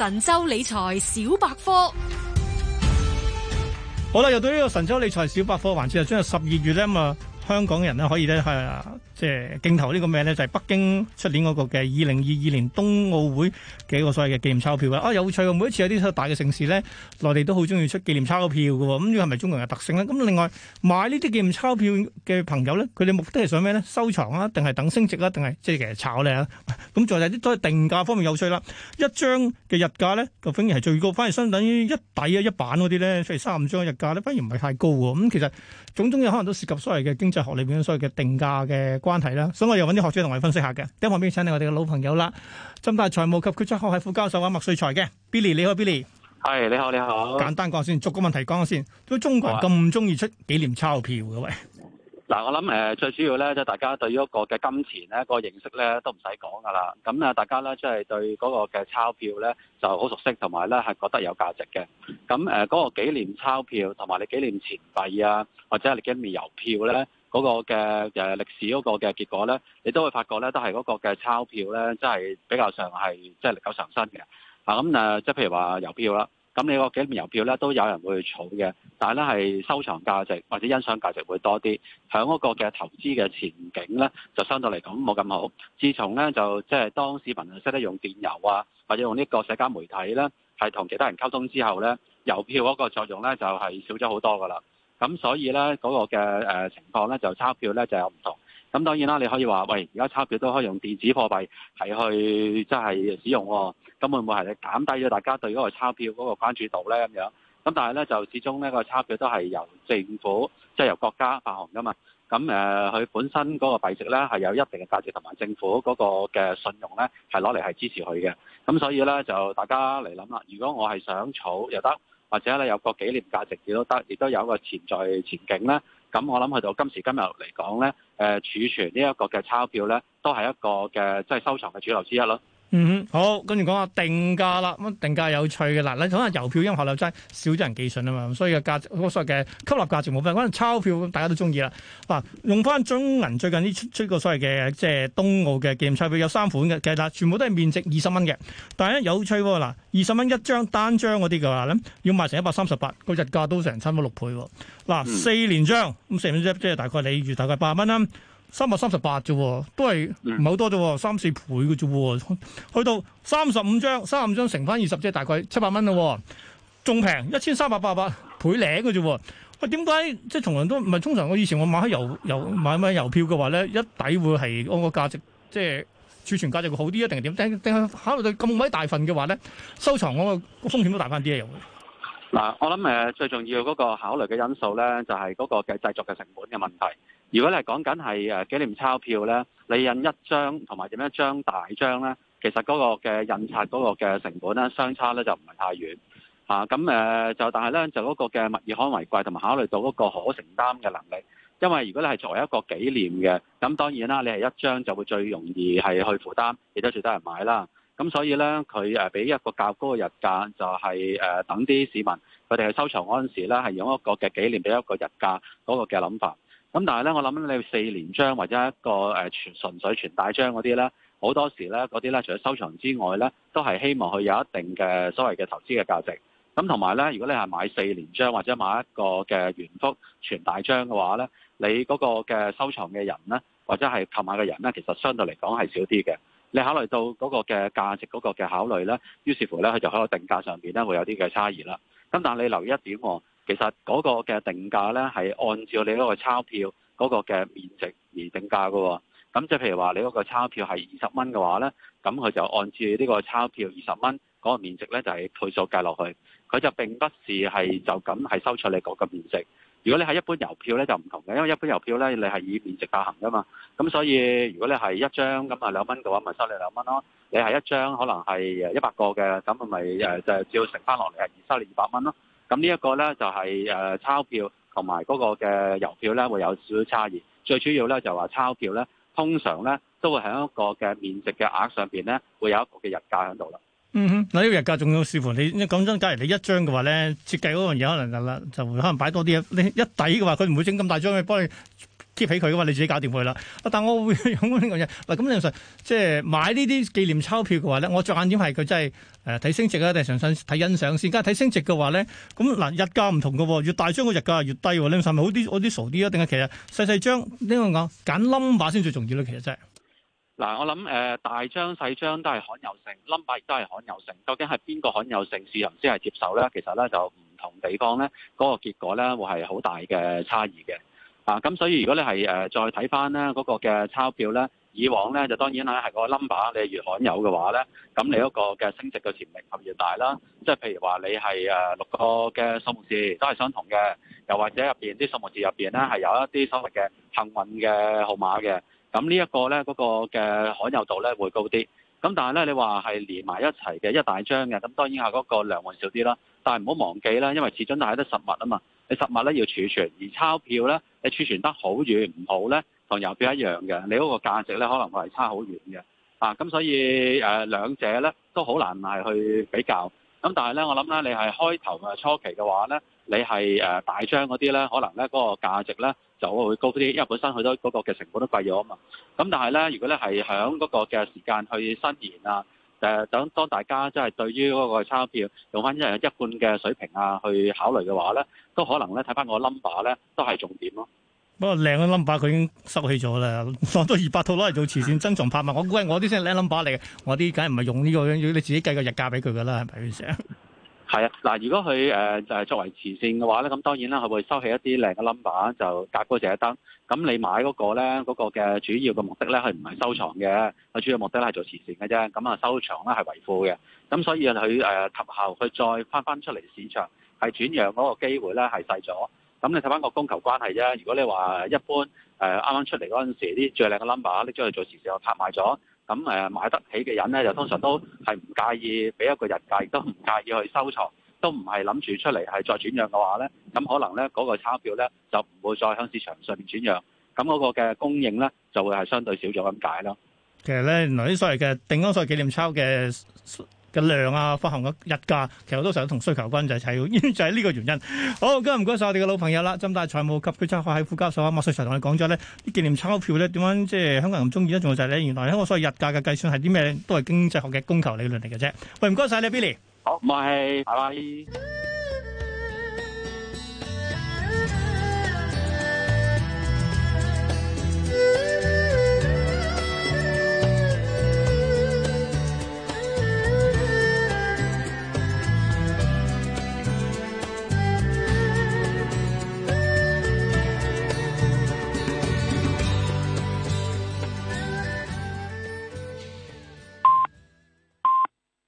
神州理財小百科，好啦，又到呢個神州理財小百科環節啊，將係十二月咧嘛。香港人咧可以咧係即係鏡頭這個呢個咩咧？就係、是、北京出年嗰個嘅二零二二年冬奧會幾個所謂嘅紀念鈔票啦。啊有趣每一次有啲大嘅城市咧，內地都好中意出紀念鈔票嘅，咁呢個係咪中國人嘅特性咧？咁、嗯、另外買呢啲紀念鈔票嘅朋友咧，佢哋目的係想咩咧？收藏啊，定係等升值啊，定係即係其實炒咧？咁、嗯、再有啲都係定價方面有趣啦。一張嘅溢價咧，就反而係最高，反而相等於一底啊一版嗰啲咧，譬如三五張溢價咧，反而唔係太高喎。咁、嗯、其實種種有可能都涉及所謂嘅經濟學裏面所有嘅定價嘅關係啦，所以我又揾啲學者同我哋分析下嘅。第一旁邊請你，我哋嘅老朋友啦，浸大財務及決策學系副，副教授啊麥萃才嘅 Billy，你好 Billy，係你好你好。簡單講先，逐個問題講先。咁中國人咁中意出紀念鈔票嘅喂，嗱我諗誒、呃、最主要咧，就係、是、大家對於一個嘅金錢咧、那個認識咧都唔使講噶啦。咁啊大家咧即係對嗰個嘅鈔票咧就好熟悉，同埋咧係覺得有價值嘅。咁誒嗰個紀念鈔票同埋你紀念錢幣啊，或者係你紀念郵票咧。嗰、那個嘅誒歷史嗰個嘅結果咧，你都會發覺咧，都係嗰個嘅鈔票咧，即係比較上係即係歷久常新嘅。啊，咁、啊、即係譬如話郵票啦，咁你那幾個幾門郵票咧都有人會儲嘅，但係咧係收藏價值或者欣賞價值會多啲，響嗰個嘅投資嘅前景咧就相對嚟講冇咁好。自從咧就即係當市民啊識得用電郵啊，或者用呢個社交媒體咧係同其他人溝通之後咧，郵票嗰個作用咧就係、是、少咗好多噶啦。咁所以咧，嗰、那個嘅誒情況咧，就鈔票咧就有唔同。咁當然啦，你可以話，喂，而家鈔票都可以用電子貨幣係去即係使用喎、哦。咁會唔會係你減低咗大家對嗰個鈔票嗰個關注度咧？咁樣。咁但係咧，就始終呢、那個鈔票都係由政府，即、就、係、是、由國家發行噶嘛。咁誒，佢、呃、本身嗰個幣值咧係有一定嘅價值，同埋政府嗰個嘅信用咧係攞嚟係支持佢嘅。咁所以咧，就大家嚟諗啦。如果我係想儲，又得。或者你有個紀念價值亦都得，亦都有一個潛在前景咧。咁我諗去到今時今日嚟講咧，誒儲存呢一個嘅鈔票咧，都係一個嘅即係收藏嘅主流之一咯。嗯哼，好，跟住講下定價啦。咁定價有趣嘅啦，你睇下郵票因為流低少咗人寄信啊嘛，咁所以個價值。個所謂嘅吸納價值冇分。可能鈔票大家都中意啦。嗱，用翻中銀最近呢出出個所謂嘅即係冬奧嘅紀念鈔票，有三款嘅其實全部都係面值二十蚊嘅。但係有趣喎，嗱，二十蚊一張單張嗰啲嘅話咧，要賣成一百三十八，個日價都成差唔多六倍喎。嗱、嗯，四連張咁四連張即係大概你預大概八百蚊啦。三百三十八啫，都係唔係好多啫，三四倍嘅啫，去到三十五張、三十五張乘翻二十，即係大概七百蚊咯，仲平一千三百八十八倍零嘅啫。喂，點解即係從來都唔係通常？我以前我買郵郵買咩郵票嘅話咧，一抵會係我個價值，即係儲存價值會好啲啊，定係點？但係係考慮到咁鬼大份嘅話咧，收藏我個風險都大翻啲啊，又嗱，我諗誒最重要嗰個考慮嘅因素咧，就係嗰個嘅製作嘅成本嘅問題。如果你係講緊係誒紀念鈔票咧，你印一張同埋點樣一張大張咧，其實嗰個嘅印刷嗰個嘅成本咧，相差咧就唔係太遠咁誒、啊、就但係咧就嗰個嘅物以罕為貴，同埋考慮到嗰個可承擔嘅能力。因為如果你係作為一個紀念嘅，咁當然啦，你係一張就會最容易係去負擔，亦都最多人買啦。咁所以咧，佢誒俾一個較高嘅日價、就是，就、呃、係等啲市民佢哋係收藏嗰陣時咧，係用一個嘅紀念俾一個日價嗰個嘅諗法。咁但係咧，我諗你四連張或者一個誒純純粹全大張嗰啲咧，好多時咧嗰啲咧，除咗收藏之外咧，都係希望佢有一定嘅所謂嘅投資嘅價值。咁同埋咧，如果你係買四連張或者買一個嘅原幅全大張嘅話咧，你嗰個嘅收藏嘅人咧，或者係購買嘅人咧，其實相對嚟講係少啲嘅。你考慮到嗰個嘅價值嗰個嘅考慮咧，於是乎咧，佢就喺個定價上面咧會有啲嘅差異啦。咁但係你留意一點喎。其實嗰個嘅定價呢，係按照你嗰個鈔票嗰個嘅面值而定價噶。咁即係譬如話，你嗰個鈔票係二十蚊嘅話呢，咁佢就按照呢個鈔票二十蚊嗰個面值呢，就係倍數計落去。佢就並不是係就咁係收取你嗰個面值。如果你係一般郵票呢，就唔同嘅，因為一般郵票呢，你係以面值發行噶嘛。咁所以，如果你係一張咁啊兩蚊嘅話，咪收你兩蚊咯。你係一張可能係一百個嘅，咁咪誒就照乘翻落嚟係收你二百蚊咯。咁呢一個咧就係誒鈔票同埋嗰個嘅郵票咧會有少少差異，最主要咧就話鈔票咧通常咧都會喺一個嘅面值嘅額上邊咧會有一個嘅溢價喺度啦。嗯哼，嗱、啊、呢、這個溢價仲要視乎你，你講真，假如你一張嘅話咧，設計嗰樣嘢有可能就啦，就可能擺多啲嘢。你一底嘅話，佢唔會整咁大張去幫你。貼俾佢嘅話，你自己搞掂佢啦。但我會講呢樣嘢。唔係咁，梁生即係買呢啲紀念鈔票嘅話咧，我着眼點係佢真係誒睇升值啊，定係想睇欣賞先。梗係睇升值嘅話咧，咁嗱溢價唔同嘅，越大張嘅溢價越低。你生係咪好啲？我啲傻啲啊？定係其實細細張？呢樣講揀 number 先最重要咧。其實真係嗱，我諗誒、呃、大張細張都係罕有性，number 亦都係罕有性。究竟係邊個罕有性，市人先係接受咧？其實咧就唔同地方咧，嗰個結果咧會係好大嘅差異嘅。啊，咁所以如果你係誒再睇翻咧嗰個嘅鈔票咧，以往咧就當然啦，係個冧把你越罕有嘅話咧，咁你嗰個嘅升值嘅潛力就越大啦。即係譬如話你係誒六個嘅數字都係相同嘅，又或者入面啲數字入面咧係有一啲所謂嘅幸運嘅號碼嘅，咁呢一個咧嗰個嘅罕有度咧會高啲。咁但係咧你話係連埋一齊嘅一大張嘅，咁當然係嗰個量會少啲啦。但係唔好忘記啦，因為始終都係得實物啊嘛。你實物咧要儲存，而鈔票咧，你儲存得好遠唔好咧，同郵票一樣嘅，你嗰個價值咧，可能會係差好遠嘅。啊，咁所以誒，啊，兩者咧都好難係去比較。咁但係咧，我諗咧，你係開頭啊初期嘅話咧，你係大張嗰啲咧，可能咧嗰個價值咧就會高啲，因為本身佢都嗰個嘅成本都貴咗啊嘛。咁但係咧，如果咧係響嗰個嘅時間去伸延啊。誒，等當大家即係對於嗰個鈔票用翻一一半嘅水平啊，去考慮嘅話咧，都可能咧睇翻個 number 咧都係重點咯。不過靚嘅 number 佢已經收起咗啦，攞多二百套攞嚟做慈善珍藏拍賣，我估係我啲先靚 number 嚟，嘅。我啲梗係唔係用呢、呢個，要你自己計個日價俾佢㗎啦，係咪先？ 係啊，嗱，如果佢誒就係作為慈善嘅話咧，咁當然啦，佢會收起一啲靚嘅 number，就隔嗰隻一。咁你買嗰個咧，嗰、嗰個嘅主要嘅目的咧，佢唔係收藏嘅，佢主要目的係、嗰個、做慈善嘅啫。咁啊，收藏咧係維護嘅。咁所以佢誒及後佢再翻翻出嚟市場，係轉讓嗰個機會咧係細咗。咁你睇翻個供求關係啫。如果你話一般誒啱啱出嚟嗰陣時，啲最靚嘅 number 拎出去做慈善，我拍賣咗。咁誒買得起嘅人咧，就通常都係唔介意俾一個溢價，都唔介意去收藏，都唔係諗住出嚟係再轉讓嘅話咧，咁可能咧嗰個鈔票咧就唔會再向市場上面轉讓，咁嗰個嘅供應咧就會係相對少咗咁解咯。其實咧，原來呢所謂嘅定安塞紀念鈔嘅。嘅量啊，發行嘅日價，其實都成日都同需求關係，就係、就係呢個原因。好，今日唔該晒我哋嘅老朋友啦，浸大財務及決策學系副教授阿、啊、麥萃才同你講咗咧，啲紀念鈔票咧點樣即係香港人咁中意咧，仲有就係、是、咧，原來香港所謂日價嘅計算係啲咩，都係經濟學嘅供求理論嚟嘅啫。喂，唔該晒你，Billy。好，唔該，拜拜，拜拜。